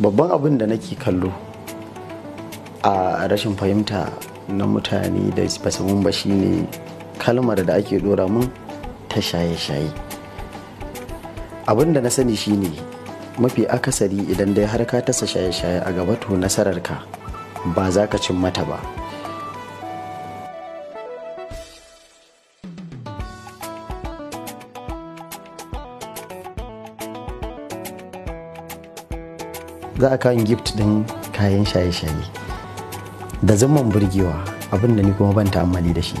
babban abin da nake kallo a rashin fahimta na mutane da basamun ba shine kalmar da ake dora mun ta shaye-shaye abin da na sani shine mafi akasari idan dai har ka tasa shaye-shaye a gaba to nasararka ba za ka cin mata ba za a kawo gift din kayan shaye-shaye da zaman burgewa abinda ni kuma ban ta'ammali da shi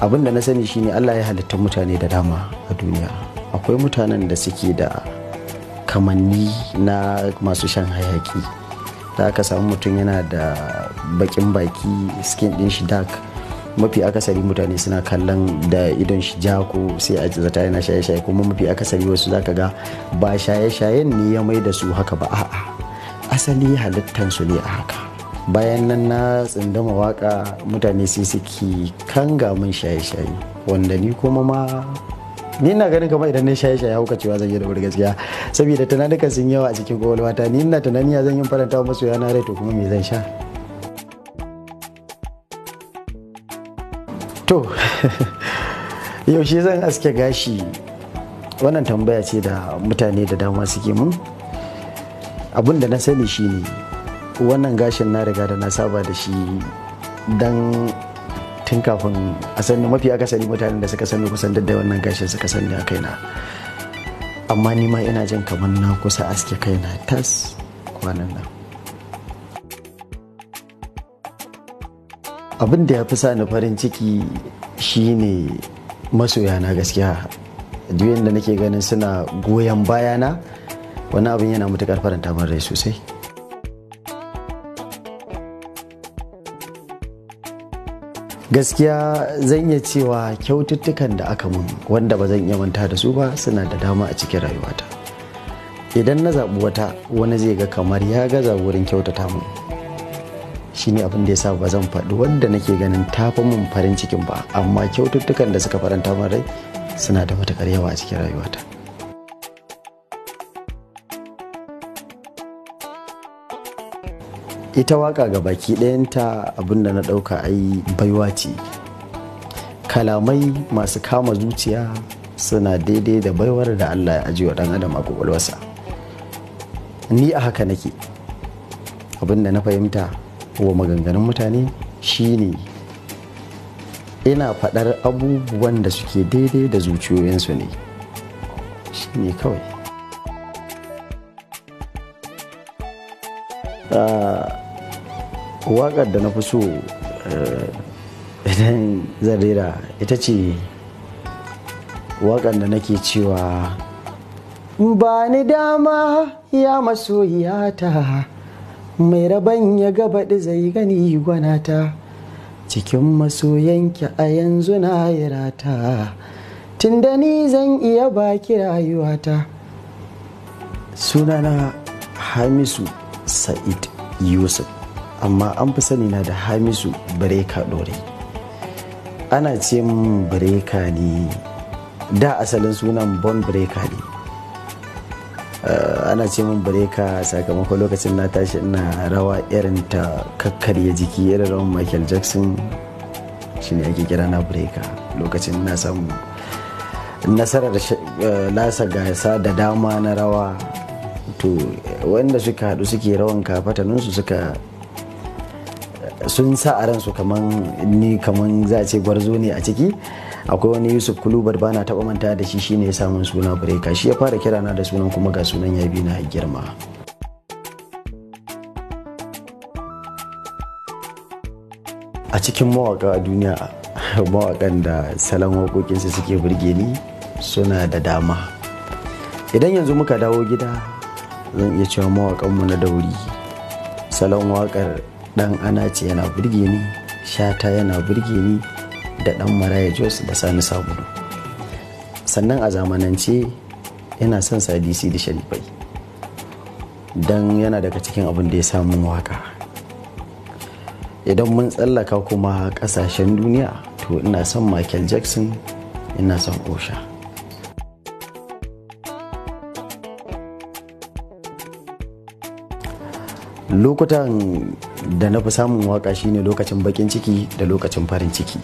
abin da na sani shine allah ya halitta mutane da dama a duniya akwai mutanen da suke da kamanni na masu shan hayaki da aka samu mutum yana da bakin baki skin din shi dark mafi akasari mutane suna kallon da idon shi ja ko sai a zata yana shaye-shaye kuma mafi akasari wasu zaka ga ba shaye-shayen ne ya mai da su haka ba a'a asali halittansu ne a haka bayan nan na tsindama waka mutane sai suke kanga min shaye-shaye wanda ni kuma ma ni na ganin kamar idan na shaye shaye hauka cewa zan yi da gaskiya saboda tunanukan sun yawa a cikin kwakwalwata ni na tunani ya zan yi faranta masoya na rai to kuma me zan sha to yaushe zan aske gashi wannan tambaya ce da mutane da dama suke mun abin da na sani shine wannan gashin na riga da na saba da shi don tun kafin a sani mafi akasari mutanen da suka sani kusan da wannan gashin suka sani a kaina amma nima ina jin kamar na kusa aske kaina tas kwanan nan abin da ya fi sa ni farin ciki shine masoya na gaskiya duk yadda nake ganin suna goyon bayana wani abin yana matukar faranta min rai sosai gaskiya zan iya cewa kyaututtukan da aka mun wanda ba zan iya manta da su ba suna da dama a cikin rayuwata idan na zaɓi wata wani zai ga kamar ya gaza wurin kyautata mun shine abin da ya sa ba zan faɗi wanda nake ganin tafi mun farin cikin ba amma kyaututtukan da suka faranta min rai suna da matukar yawa a cikin rayuwata ita waka ga baki ɗayanta abin da na ɗauka ai baiwa ce kalamai masu kama zuciya suna daidai da baiwar da allah ya ajiye wa ɗan adam a kwakwalwarsa ni a haka nake abin da na fahimta wa maganganun mutane shine ina faɗar abubuwan da suke daidai da zuciyoyinsu ne shine kawai ah, waƙar da na fi so eh, idan zan ita ce waƙar da nake cewa ba ni dama ya masoyata mai raban ya gabaɗi zai gani ta, cikin masoyanki a yanzu na rata da ni zan iya baki rayuwata sunana hamisu sa'id yusuf amma an fi sani na da hamisu bareka ɗore ana ce min bareka ne da asalin sunan bon bareka ne Eh, ana ce min bareka sakamakon lokacin na tashi ina rawa irin ta kakkarya jiki irin rawan michael jackson shine ake kira na lokacin na samu nasarar eh, lasa gasa da dama na rawa to wanda suka haɗu suke rawan kafataninsu suka eh, sun sa a ransu kaman ni kaman za a ce gwarzo ne a ciki akwai wani yusuf kulubar bana taba manta da shi shine ya samun suna breka shi ya fara kira na da sunan kuma ga sunan ya bi na girma a cikin mawaka a duniya mawakan da salon waƙoƙinsa suke burge ni suna da dama idan yanzu muka dawo gida zan iya cewa mawakanmu na dauri salon waƙar dan ana ce yana burge ni shata yana burge ni da dan maraya jos da sani sabulu sannan a zamanance yana son sadisi da sharifai don yana daga cikin abin da ya samu waka idan mun tsallaka kuma kasashen duniya to ina son michael jackson ina son osha lokutan da na fi samun waka shine lokacin bakin ciki da lokacin farin ciki